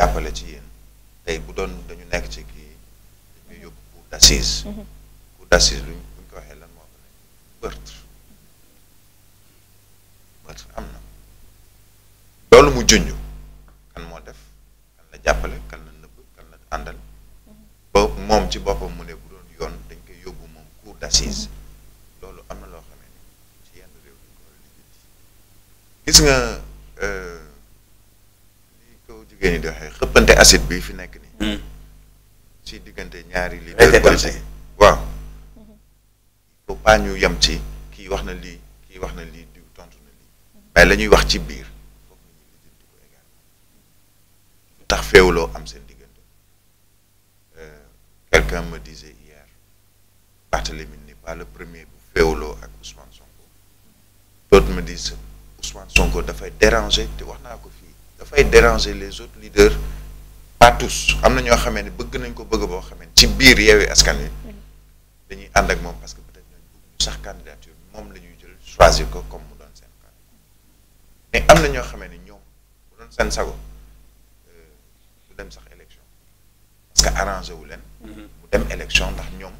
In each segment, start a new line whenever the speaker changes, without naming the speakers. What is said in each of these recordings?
jàppale ci yéen tey bu doon dañu nekk ci kii dañuy yóbbu cour d'assise mhm. cour d'assise buñ ko waxee lan moo fa nekk am na loolu mu junj kan moo def kan la jàppale kan la nëbb kan la àndal mhm. ba moom ci boppam mu ne bu doon yoon dañ koy yóbbu moom cour d'assise mhm. loolu am na loo xamee ni ci yenn réew gis nga jigéen ñi di waxee xëppante acide bi fi nekk nii. ci hmm. diggante ñaari leader politique waaw. il ñu yem ci kii wax na lii kii wax na lii diw tontu na lii. waaye la ñuy wax ci biir. lu tax féewloo am seen diggante. Euh, quelqu'un me disait hier. Barthélémy ni pas le premier bu féewloo ak Ousmane Sonko. d'autres me disent Ousmane Sonko dafay déranger te wax naa ko fii. dafay déranger les autres leaders pas am na ñoo xamee ne bëgg nañ ko bëgg boo xamee ne ci biir yeewi askan wi dañuy ànd ak moom parce que peut-être ñooñu sax candidature moom la ñuy jël choisir ko comme mu doon seen candidat am na ñoo xamee ne ñoom mu doon seen sago euh, du dem sax élection parce que arrangé wu leen mm-hmm. mu dem élection ndax ñoom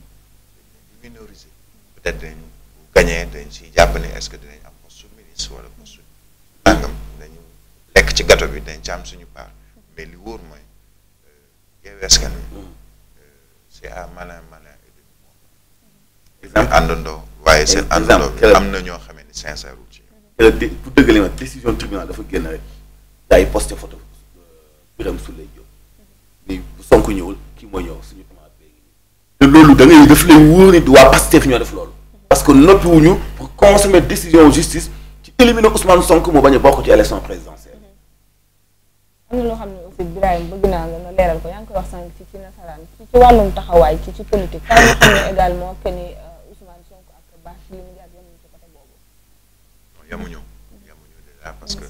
dañuy minoriser peut-être dañ bu gañee dañ siy jàpp ne est-ce que dinañ am poste ministre wala poste ci gato bi dañ ci am suñu part mais li wóor mooy euh, Yewwi Askan Wi mm. euh, c'est à malin malin et demi moom waaye seen àndandoo bi am na ñoo xamee ni sincère wul ci pour dëgg li ma décision tribunal dafa génn rek gaa yi posté photo euh, Birame Souleye Diop ni bu Sonk ñëwul kii mooy ñëw suñu commande bi te loolu da ngay daf lay wóor ni waa Pastef ñoo def loolu parce que noppiwuñu pour consommer décision justice ci éliminer Ousmane Sonko moo bañ a bokk ci élection présidentielle Ibrahima bëgg naa nga nga leeral taxawaay ci ci euh, que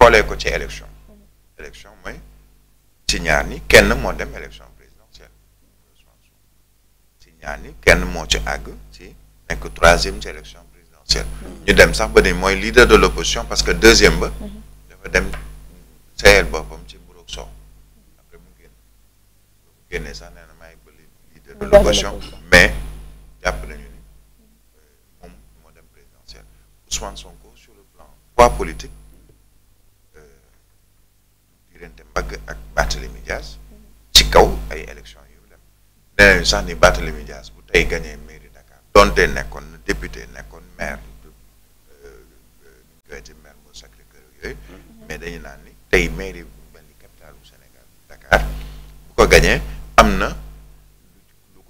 xoolee ko ci élection. Mm-hmm. élection ci ñaar ñi kenn moo dem élection présidentielle ci ñaar ñi kenn moo ci àgg ci nekk troisième ci élection présidentielle. Mm-hmm. ñu dem sax ba ni mooy leader de l' parce que deuxième ba. Mm-hmm. dafa dem sayel génnee sax nee na maay ba de l'opposition mais jàpp nañu ni moom moo dem présidentiel Ousmane Sonko sur le plan poids politique diggante Mbagg ak Barthélémy Dias ci kaw ay élection yu dem nee nañu sax ni Barthélémy Dias bu tey gagné mairie Dakar donte nekkoon na député nekkoon maire de maire bu Sacré-Cœur yooyu mais dañu naan ni tey mairie bu mel ni bu Sénégal Dakar bu ko gagné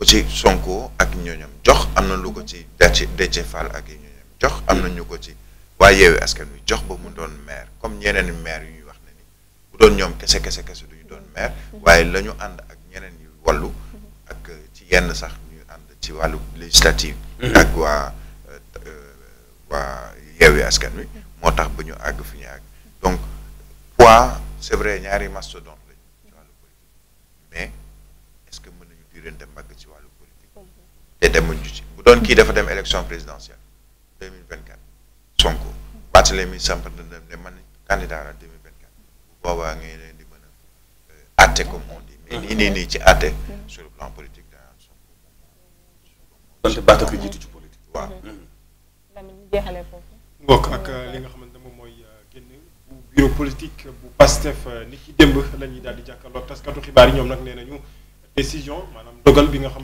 ko ci Sonko ak ñooñam jox am na lu ko ci Déthié Fall ak ñooñam jox am na ko ci waa Askan Wi jox ba mu doon maire comme ñeneen maire yu ñuy wax ne ni bu doon ñoom kese kese kese duñu doon maire waaye la ànd ak ñeneen yu wallu ak ci yenn sax ñuy ànd ci wàllu législative mm-hmm. ak waa euh, waa Askan Wi moo tax ba ñu àgg fi ñu àgg donc poids c'est vrai ñaari mastodonte lañu ci di leen dem màgg ci wàllu politique. te demuñ ci bu doon kii dafa dem élection présidentielle deux mille vingt quatre Sonko Barthélemy samp na dem ne man candidat la deux mille vingt quatre bu boobaa leen di mën a àtte euh, comme on dit. mais nii nii nii ci àtte sur le plan politique da naan Sonko moom. donte jiitu ci politique. waaw. Mm-hmm. Lamine jeexale foofu. mbokk ak euh, li nga xamante moom mooy euh, génn bu bureau bu PASTEF ni ki démb la ñuy daal di jàkkaarloo taskatu xibaar yi ñoom nag nee nañu. décision maanaam dogal bi nga xamante